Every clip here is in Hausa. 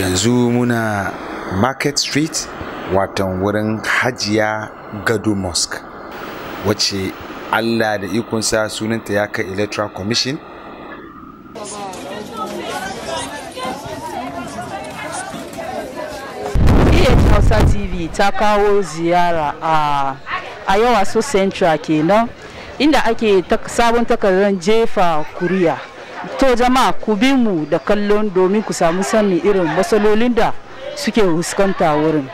yanzu muna market street watan wurin hajiya gado mosque wacce allah da ikonsa sunanta ya kai electoral commission hausa tv ta kawo ziyara a a yawa so central kenan inda ake sabon takardar jefa kuriya to jama'a ku bi mu da kallon domin ku samu sanin irin matsalolin da suke huskanta wurin.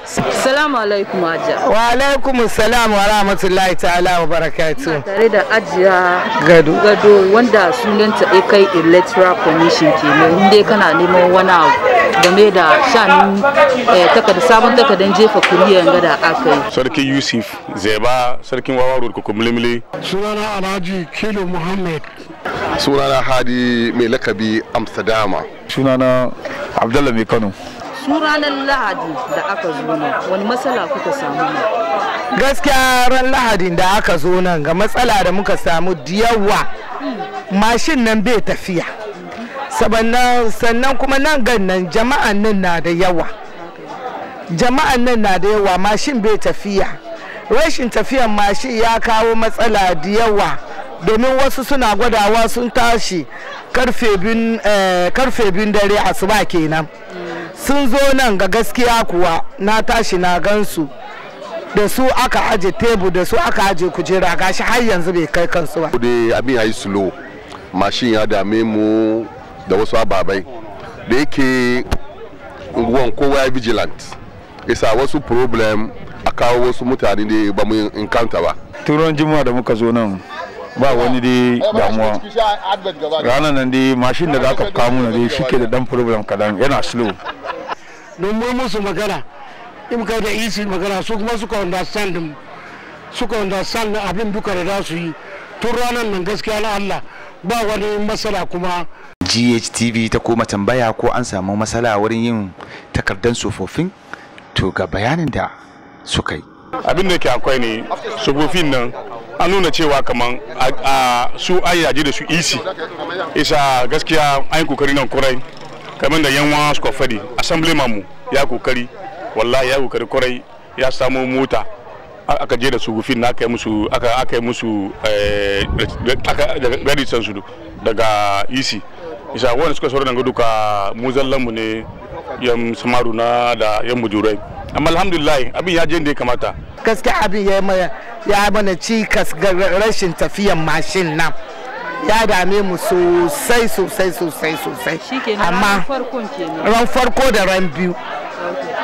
Salamu alaikum Aja. Wa alaikum salam wa rahmatullahi ta'ala wa barakatu. Tare da ajiya. Gado. Gado wanda sunanta kai electoral commission kenan inda kana neman wani abu. game da shanin eh, sabon takardar jefa kuriya yanga da aka yi. Sarki Yusuf Zeba sarkin wawa road kuku mulimuli. Sunana Alhaji Kilo Muhammad. Sunana Hadi mai lakabi Amsterdam. Sunana Abdallah Kano. su ranar lahadi da aka zo nan wani matsala kuka samu gaskiya ran lahadin da aka zo nan ga matsala da muka samu yawa mashin nan bai tafiya sannan kuma nan gan nan jama'an nan na da yawa jama'an nan na da yawa mashin bai tafiya rashin tafiyan mashin ya kawo matsala da yawa domin wasu suna gwadawa sun tashi karfe bin eh, dare asuba kenan sun zo nan ga gaskiya kuwa na tashi na gansu da su aka aje tebu da su aka aje kujera gashi har yanzu bai kai kansu ba. Dai abin ya yi slow mashin ya dame mu da wasu ababai da yake unguwan kowa ya vigilant isa wasu problem a kawo wasu mutane ne ba mu encounter ba. Turon juma'a da muka zo nan ba wani dai damuwa ranar nan dai mashin da za ka kamu na dai shi da dan problem kadan yana slow don mu musu magana in kai da isi magana su kuma suka understand suka understand abin duka da za su yi tun ranar nan gaskiya na Allah ba wani masala kuma GHTV ta koma tambaya ko an samu matsala wurin yin takardar tsofaffin to ga bayanin da suka yi abin da ke akwai ne tsofaffin nan an nuna cewa kamar su ayyaje da su isi e isa gaskiya an yi kokari nan kurai kamar da yan wawan suka fadi assembly mu ya kokari wallahi ya kokari kwarai ya samu mota aka je da su gufin na aka yi musu aka yi musu gadi san su daga isi e isa wani suka sauran ga duka mu zallan ne yan samaru na da yan mujurai amma alhamdulillah abin ya je da ya kamata gaskiya abin ya yi mana cikas ga rashin tafiyan mashin nan ya dame mu sosai sosai sosai sosai amma ran farko da ran biyu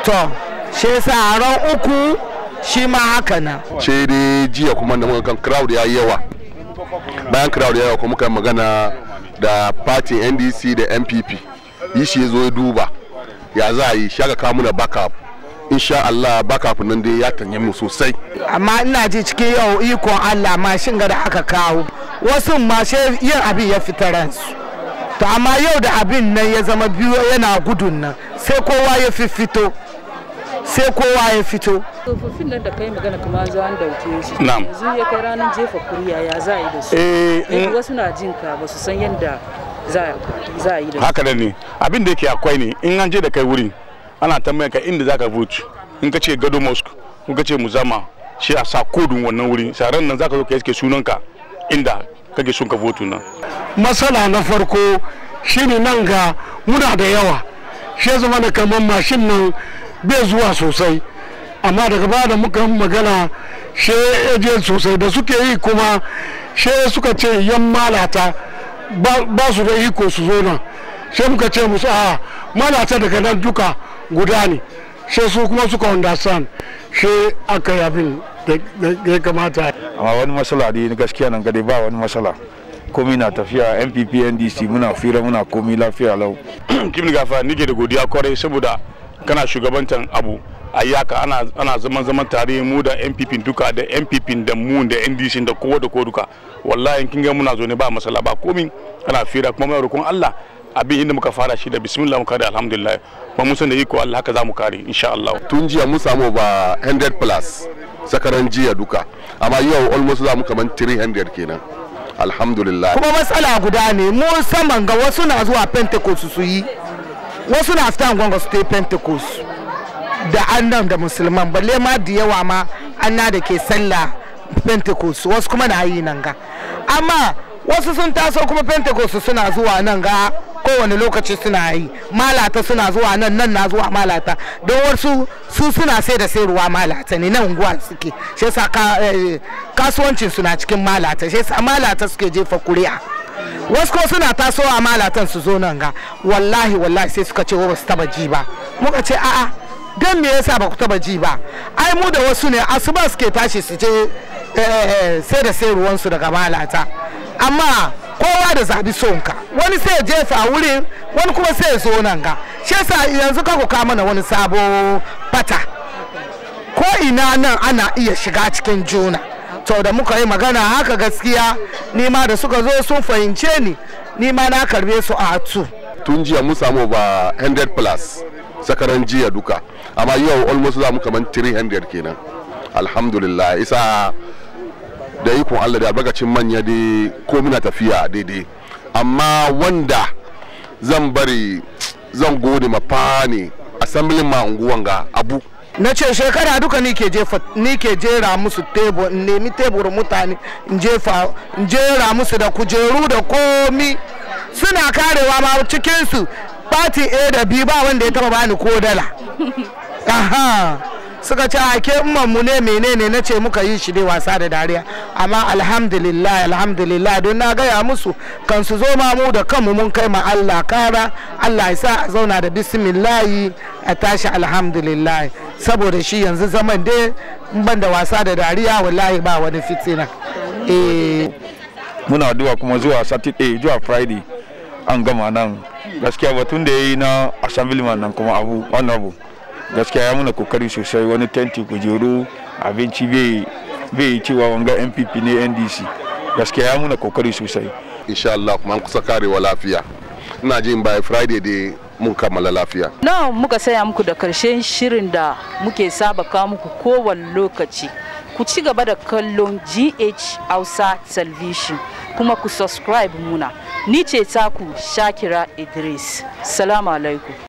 to shi yasa ran uku shi ma haka na ce dai jiya kuma da muka kan crowd ya yawa bayan crowd ya yawa kuma muka magana da party ndc da mpp yi shi zo duba ya za a yi shi aka kawo muna backup insha Allah backup nan dai ya tanye mu sosai amma ina ji cikin yau ikon Allah shin ga da aka kawo wasu mashe yin abin ya fita ransu to amma yau da abin nan ya zama biyu yana gudun nan sai kowa ya fito sai kowa ya fito tsofaffin nan da kai magana kuma zo an dauke shi yanzu ya kai ranar jefa kuriya ya za a yi da su eh, eh, wasu na jin ka ba su san yadda za a yi da su haka da ne abin da yake akwai ne in an je da kai wurin ana tambaya ka inda za ka vote in ka ce gado mosque ko ka ce muzama shi a sa kodin wannan wuri saran nan za ka zo ka iske sunanka inda kage sun ka votu nan matsala na farko shine nan ga muna da yawa shi zama da kamar mashin nan bai zuwa sosai amma daga ba da muka magana she eje sosai da suke yi kuma shi suka ce yan malata ba su da iko su zo nan shi muka ce musu a malata daga nan duka guda ne shi su kuma suka understand shi aka yi abin ya kamata amma wani matsala dai gaskiya nan gade ba wani matsala komi na tafiya npp ndc muna fira muna komi lafiya lau kim gafa nike da godiya kwarai saboda kana shugabantan abu a yaka ana zaman zaman tare mu da npp duka da npp da mu da ndc da kowa da kowa duka wallahi kin ga muna zo ne ba masala ba komi ana fira kuma mai rukun allah abin inda muka fara shi da bismillah muka da alhamdulillah kuma mun san da iko allah haka za mu kare insha allah tun jiya mun samu ba 100 plus sakaran jiya duka amma yau almost za mu kaman 300 kenan alhamdulillah kuma matsala guda ne mu ga wasu na zuwa pentecost su yi wasu na fita gwanga su ta pentecost da annan da musulman balle ma da yawa ma anna da ke sallah pentecost wasu kuma na yi nan ga amma wasu sun taso kuma pentecost suna zuwa nan ga kowane lokaci suna yi malata suna zuwa nan nan na zuwa malata don wasu su suna sai da sai ruwa malata ne nan unguwa suke shi yasa eh, kasuwancin suna cikin malata shi yasa malata suke jefa kuri'a wasu ko suna tasowa malatan su zo nan ga wallahi wallahi sai suka ce wa basu taba ji ba muka ce a'a don me yasa ba ku taba ji ba ai mu da wasu ne asuba suke tashi su je eh, eh, sai da sai ruwansu daga malata amma kowa da zabi sonka wani sai ya jefa a wurin wani kuma sai ya zo nan ga shi yasa yanzu ka kuka mana wani sabo fata ko ina nan ana iya shiga cikin juna to da muka yi magana haka gaskiya nima da suka zo sun fahimce ni nima na karbe su a hatu tun jiya mun samu ba 100 plus sakaran jiya duka amma yau almost za mu kaman 300 kenan alhamdulillah isa da ikon allah da albarkacin manya dai ko muna tafiya daidai amma wanda zan bari zan gode ma fani assemblin ma unguwan ga abu na ce shekara duka ni ke jefa ni ke jera musu tebur in nemi tebur mutane in jefa in jera musu da kujeru da komi suna karewa ma cikin su party A da B ba wanda ya taba bani ko dala aha suka ce a ke mu ne menene na ce muka yi shi dai wasa da dariya amma alhamdulillah alhamdulillah don na gaya musu kan su zo ma mu da kanmu mun kai ma Allah kara Allah ya sa zauna da bismillahi a tashi alhamdulillah saboda shi yanzu zaman dai ban da wasa da dariya wallahi ba wani fitina eh. muna duwa kuma zuwa saturday eh, zuwa friday an gama nan gaskiya batun da ya yi na man nan kuma abu wannan abu gaskiya ya muna kokari sosai wani tenti kujeru abinci bai cewa wanga npp ne ndc gaskiya ya muna kokari sosai insha Allah kuma an kusa karewa lafiya ina jin by friday dai mun kammala lafiya na muka saya muku da karshen shirin da muke saba kawo muku kowane lokaci ku ci gaba da kallon gh hausa television kuma ku subscribe muna ni ce taku shakira idris salamu alaikum